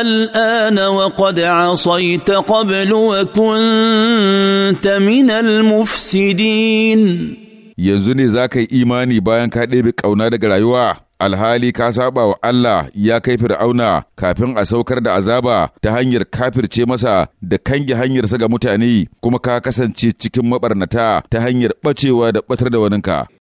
الآن وقد عصيت قبل وكنت من المفسدين yanzu ne za ka yi imani bayan ka ɗebe ƙauna daga rayuwa alhali ka saba wa Allah ya kai fir'auna kafin a saukar da azaba ta hanyar kafirce masa da kange hanyarsa ga mutane kuma ka kasance cikin mabarnata ta hanyar ɓacewa da ɓatar da waninka